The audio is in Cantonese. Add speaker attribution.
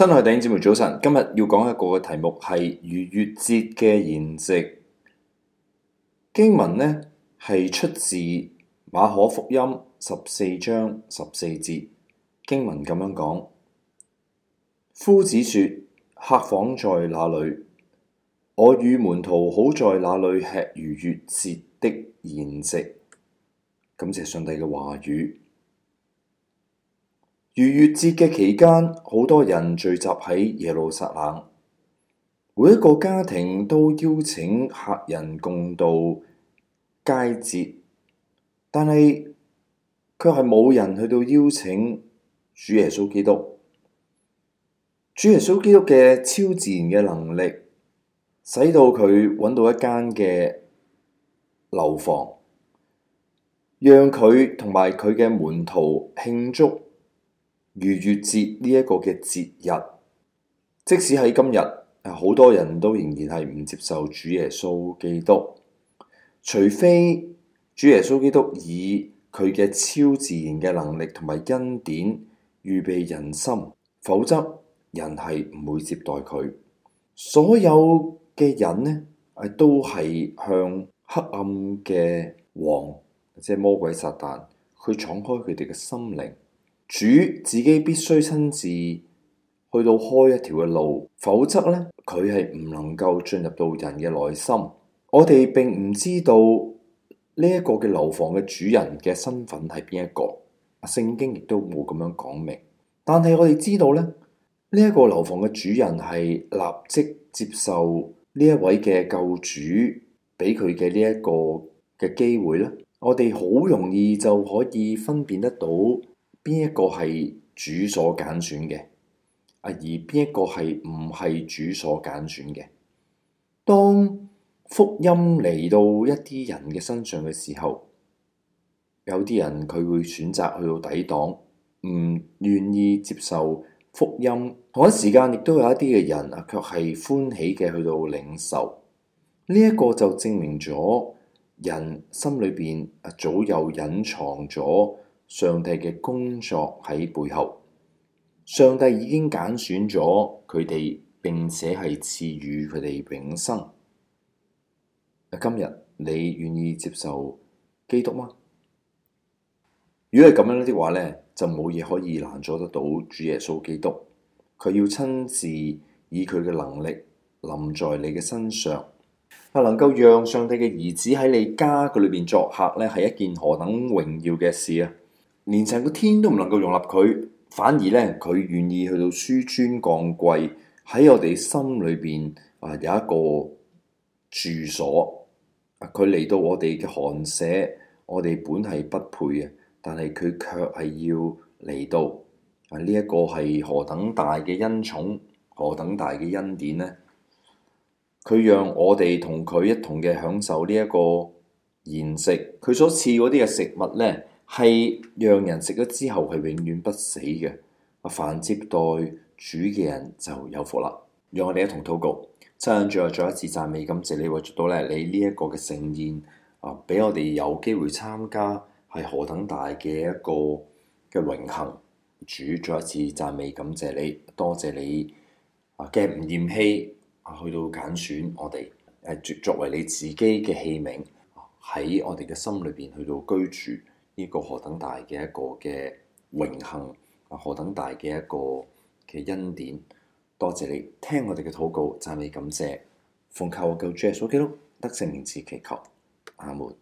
Speaker 1: 親愛弟兄姊妹，早晨！今日要講一個嘅題目係逾越節嘅筵席。經文呢，係出自馬可福音十四章十四節經文咁樣講：夫子說，客房在哪裡？我與門徒好在哪裡吃逾越節的筵席。感謝上帝嘅話語。逾越節嘅期間，好多人聚集喺耶路撒冷，每一個家庭都邀請客人共度佳節，但係卻係冇人去到邀請主耶穌基督。主耶穌基督嘅超自然嘅能力，使到佢揾到一間嘅樓房，讓佢同埋佢嘅門徒慶祝。逾越節呢一個嘅節日，即使喺今日，好多人都仍然係唔接受主耶穌基督，除非主耶穌基督以佢嘅超自然嘅能力同埋恩典預備人心，否則人係唔會接待佢。所有嘅人呢，都係向黑暗嘅王，即係魔鬼撒旦，去敞開佢哋嘅心靈。主自己必須親自去到開一條嘅路，否則呢，佢係唔能夠進入到人嘅內心。我哋並唔知道呢一個嘅樓房嘅主人嘅身份係邊一個，聖經亦都冇咁樣講明。但係我哋知道呢，呢一個樓房嘅主人係立即接受呢一位嘅救主俾佢嘅呢一個嘅機會呢，我哋好容易就可以分辨得到。邊一個係主所揀選嘅，啊而邊一個係唔係主所揀選嘅？當福音嚟到一啲人嘅身上嘅時候，有啲人佢會選擇去到抵擋，唔願意接受福音。同一時間亦都有一啲嘅人啊，卻係歡喜嘅去到領受。呢、這、一個就證明咗人心裏邊啊早有隱藏咗。上帝嘅工作喺背後，上帝已經揀選咗佢哋，並且係賜予佢哋永生。今日你願意接受基督嗎？如果係咁樣的話咧，就冇嘢可以攔阻得到主耶穌基督。佢要親自以佢嘅能力臨在你嘅身上。啊，能夠讓上帝嘅兒子喺你家佢裏邊作客咧，係一件何等榮耀嘅事啊！連成個天都唔能夠容納佢，反而呢，佢願意去到屈尊降貴喺我哋心裏邊啊有一個住所。佢嚟到我哋嘅寒舍，我哋本係不配嘅，但係佢卻係要嚟到啊呢一，這個係何等大嘅恩寵，何等大嘅恩典呢？佢讓我哋同佢一同嘅享受呢一個筵席，佢所賜嗰啲嘅食物呢。係讓人食咗之後係永遠不死嘅啊！凡接待主嘅人就有福啦。讓我哋一同禱告，真係最後再一次讚美感謝你，為做到咧你呢一個嘅盛宴啊，俾我哋有機會參加係何等大嘅一個嘅榮幸。主再一次讚美感謝你，多謝你啊嘅唔厭棄啊，去到揀選我哋誒作作為你自己嘅器皿喺我哋嘅心裏邊去到居住。呢個何等大嘅一個嘅榮幸，啊何等大嘅一個嘅恩典，多謝你聽我哋嘅禱告，讚美感謝，奉靠我主耶穌基督，得勝名字祈求，阿門。